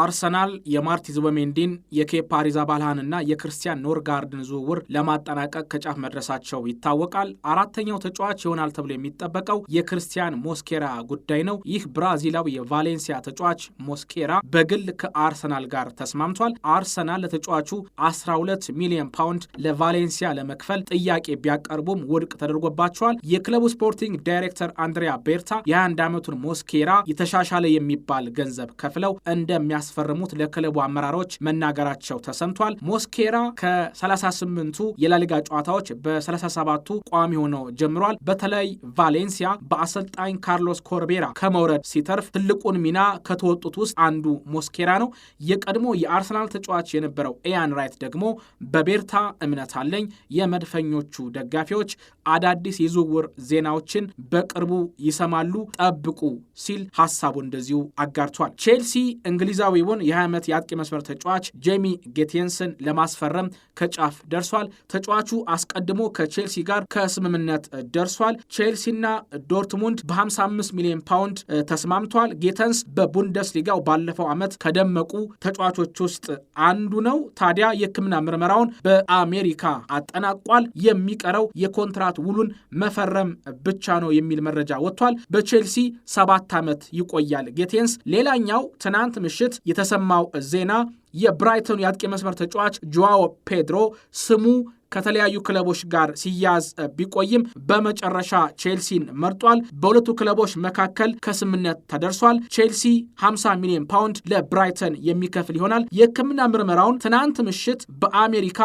አርሰናል የማርቲ ዙበሜንዲን የኬፓ አሪዛባላጋንና የክርስቲያን ኖርጋርድን ዝውውር ለማጠናቀቅ ከጫፍ መድረሳቸው ይታወቃል። አራተኛው ተጫዋች ይሆናል ተብሎ የሚጠበቀው የክርስቲያን ሞስኬራ ጉዳይ ነው። ይህ ብራዚላዊ የቫሌንሲያ ተጫዋች ሞስኬራ በግል ከአርሰናል ጋር ተስማምቷል። አርሰናል ለተጫዋቹ 12 ሚሊዮን ፓውንድ ለቫሌንሲያ ለመክፈል ጥያቄ ቢያቀርቡም ውድቅ ተደርጎባቸዋል። የክለቡ ስፖርቲንግ ዳይሬክተር አንድሪያ ቤርታ የ21 ዓመቱን ሞስኬራ የተሻሻለ የሚባል ገንዘብ ከፍለው እንደሚያ እንደሚያስፈርሙት ለክለቡ አመራሮች መናገራቸው ተሰምቷል። ሞስኬራ ከ38ቱ የላሊጋ ጨዋታዎች በ37ቱ ቋሚ ሆኖ ጀምሯል። በተለይ ቫሌንሲያ በአሰልጣኝ ካርሎስ ኮርቤራ ከመውረድ ሲተርፍ ትልቁን ሚና ከተወጡት ውስጥ አንዱ ሞስኬራ ነው። የቀድሞ የአርሰናል ተጫዋች የነበረው ኤያን ራይት ደግሞ በቤርታ እምነት አለኝ የመድፈኞቹ ደጋፊዎች አዳዲስ የዝውውር ዜናዎችን በቅርቡ ይሰማሉ ጠብቁ ሲል ሀሳቡ እንደዚሁ አጋርቷል። ቼልሲ እንግሊዛ ፈረንሳዊውን የ20 ዓመት የአጥቂ መስመር ተጫዋች ጄሚ ጌቴንስን ለማስፈረም ከጫፍ ደርሷል። ተጫዋቹ አስቀድሞ ከቼልሲ ጋር ከስምምነት ደርሷል። ቼልሲና ዶርትሙንድ በ55 ሚሊዮን ፓውንድ ተስማምተዋል። ጌተንስ በቡንደስሊጋው ባለፈው ዓመት ከደመቁ ተጫዋቾች ውስጥ አንዱ ነው። ታዲያ የሕክምና ምርመራውን በአሜሪካ አጠናቋል። የሚቀረው የኮንትራት ውሉን መፈረም ብቻ ነው የሚል መረጃ ወጥቷል። በቼልሲ ሰባት ዓመት ይቆያል ጌቴንስ። ሌላኛው ትናንት ምሽት የተሰማው ዜና የብራይተኑ የአጥቂ መስመር ተጫዋች ጆዋዎ ፔድሮ ስሙ ከተለያዩ ክለቦች ጋር ሲያዝ ቢቆይም በመጨረሻ ቼልሲን መርጧል። በሁለቱ ክለቦች መካከል ከስምነት ተደርሷል። ቼልሲ 50 ሚሊዮን ፓውንድ ለብራይተን የሚከፍል ይሆናል። የሕክምና ምርመራውን ትናንት ምሽት በአሜሪካ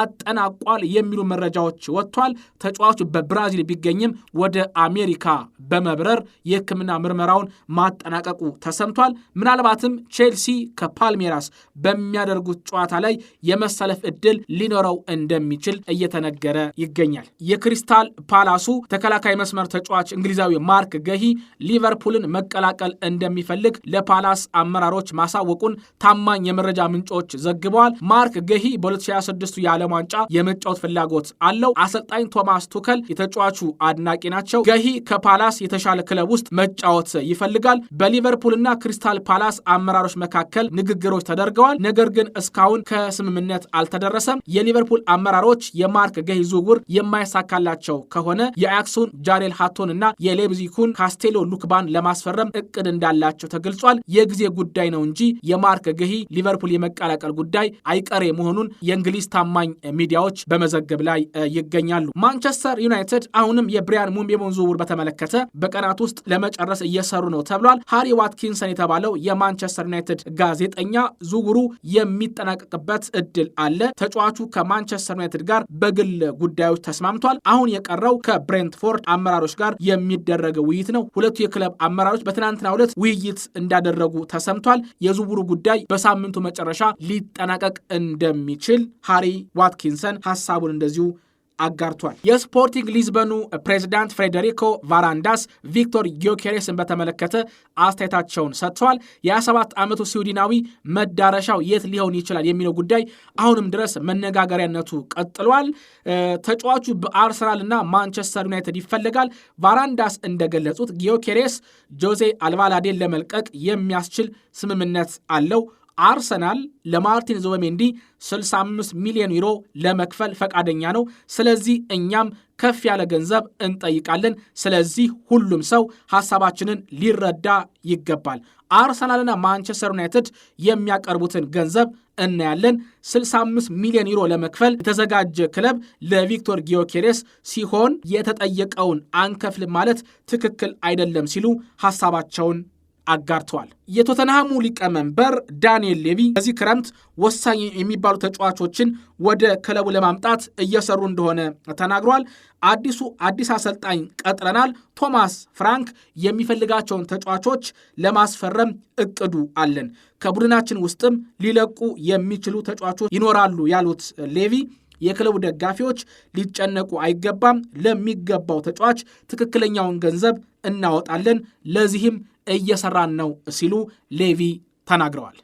አጠናቋል የሚሉ መረጃዎች ወጥቷል። ተጫዋቹ በብራዚል ቢገኝም ወደ አሜሪካ በመብረር የሕክምና ምርመራውን ማጠናቀቁ ተሰምቷል። ምናልባትም ቼልሲ ከፓልሜራስ በሚያደርጉት ጨዋታ ላይ የመሰለፍ እድል ሊኖረው እንደሚችል እየተነገረ ይገኛል። የክሪስታል ፓላሱ ተከላካይ መስመር ተጫዋች እንግሊዛዊ ማርክ ገሂ ሊቨርፑልን መቀላቀል እንደሚፈልግ ለፓላስ አመራሮች ማሳወቁን ታማኝ የመረጃ ምንጮች ዘግበዋል። ማርክ ገሂ በ2026 የዓለም ዋንጫ የመጫወት ፍላጎት አለው። አሰልጣኝ ቶማስ ቱከል የተጫዋቹ አድናቂ ናቸው። ገሂ ከፓላስ የተሻለ ክለብ ውስጥ መጫወት ይፈልጋል። በሊቨርፑልና ክሪስታል ፓላስ አመራሮች መካከል ንግግሮች ተደርገዋል። ነገር ግን እስካሁን ከስምምነት አልተደረሰም። የሊቨርፑል አመራሮች የማርክ ገሂ ዝውውር የማይሳካላቸው ከሆነ የአያክሱን ጃሬል ሃቶን እና የሌብዚኩን ካስቴሎ ሉክባን ለማስፈረም እቅድ እንዳላቸው ተገልጿል። የጊዜ ጉዳይ ነው እንጂ የማርክ ገሂ ሊቨርፑል የመቀላቀል ጉዳይ አይቀሬ መሆኑን የእንግሊዝ ታማኝ ሚዲያዎች በመዘገብ ላይ ይገኛሉ። ማንቸስተር ዩናይትድ አሁንም የብሪያን ሙቤሞን ዝውውር በተመለከተ በቀናት ውስጥ ለመጨረስ እየሰሩ ነው ተብሏል። ሃሪ ዋትኪንሰን የተባለው የማንቸስተር ዩናይትድ ጋዜጠኛ ዝውውሩ የሚጠናቀቅበት እድል አለ። ተጫዋቹ ከማንቸስተር ዩናይትድ ጋር በግል ጉዳዮች ተስማምቷል። አሁን የቀረው ከብሬንትፎርድ አመራሮች ጋር የሚደረገው ውይይት ነው። ሁለቱ የክለብ አመራሮች በትናንትና ሁለት ውይይት እንዳደረጉ ተሰምቷል። የዝውውሩ ጉዳይ በሳምንቱ መጨረሻ ሊጠናቀቅ እንደሚችል ሃሪ ዋትኪንሰን ሀሳቡን እንደዚሁ አጋርቷል። የስፖርቲንግ ሊዝበኑ ፕሬዚዳንት ፍሬደሪኮ ቫራንዳስ ቪክቶር ጊዮኬሬስን በተመለከተ አስተያየታቸውን ሰጥተዋል። የ27 ዓመቱ ስዊድናዊ መዳረሻው የት ሊሆን ይችላል የሚለው ጉዳይ አሁንም ድረስ መነጋገሪያነቱ ቀጥሏል። ተጫዋቹ በአርሰናል እና ማንቸስተር ዩናይትድ ይፈለጋል። ቫራንዳስ እንደገለጹት ጊዮኬሬስ ጆዜ አልቫላዴን ለመልቀቅ የሚያስችል ስምምነት አለው። አርሰናል ለማርቲን ዙቢሜንዲ 65 ሚሊዮን ዩሮ ለመክፈል ፈቃደኛ ነው። ስለዚህ እኛም ከፍ ያለ ገንዘብ እንጠይቃለን። ስለዚህ ሁሉም ሰው ሀሳባችንን ሊረዳ ይገባል። አርሰናልና ማንቸስተር ዩናይትድ የሚያቀርቡትን ገንዘብ እናያለን። 65 ሚሊዮን ዩሮ ለመክፈል የተዘጋጀ ክለብ ለቪክቶር ጊዮኬሬስ ሲሆን የተጠየቀውን አንከፍልም ማለት ትክክል አይደለም ሲሉ ሀሳባቸውን አጋርተዋል። የቶተንሃሙ ሊቀመንበር ዳንኤል ሌቪ በዚህ ክረምት ወሳኝ የሚባሉ ተጫዋቾችን ወደ ክለቡ ለማምጣት እየሰሩ እንደሆነ ተናግሯል። አዲሱ አዲስ አሰልጣኝ ቀጥረናል። ቶማስ ፍራንክ የሚፈልጋቸውን ተጫዋቾች ለማስፈረም እቅዱ አለን። ከቡድናችን ውስጥም ሊለቁ የሚችሉ ተጫዋቾች ይኖራሉ ያሉት ሌቪ የክለቡ ደጋፊዎች ሊጨነቁ አይገባም። ለሚገባው ተጫዋች ትክክለኛውን ገንዘብ እናወጣለን፣ ለዚህም እየሰራን ነው ሲሉ ሌቪ ተናግረዋል።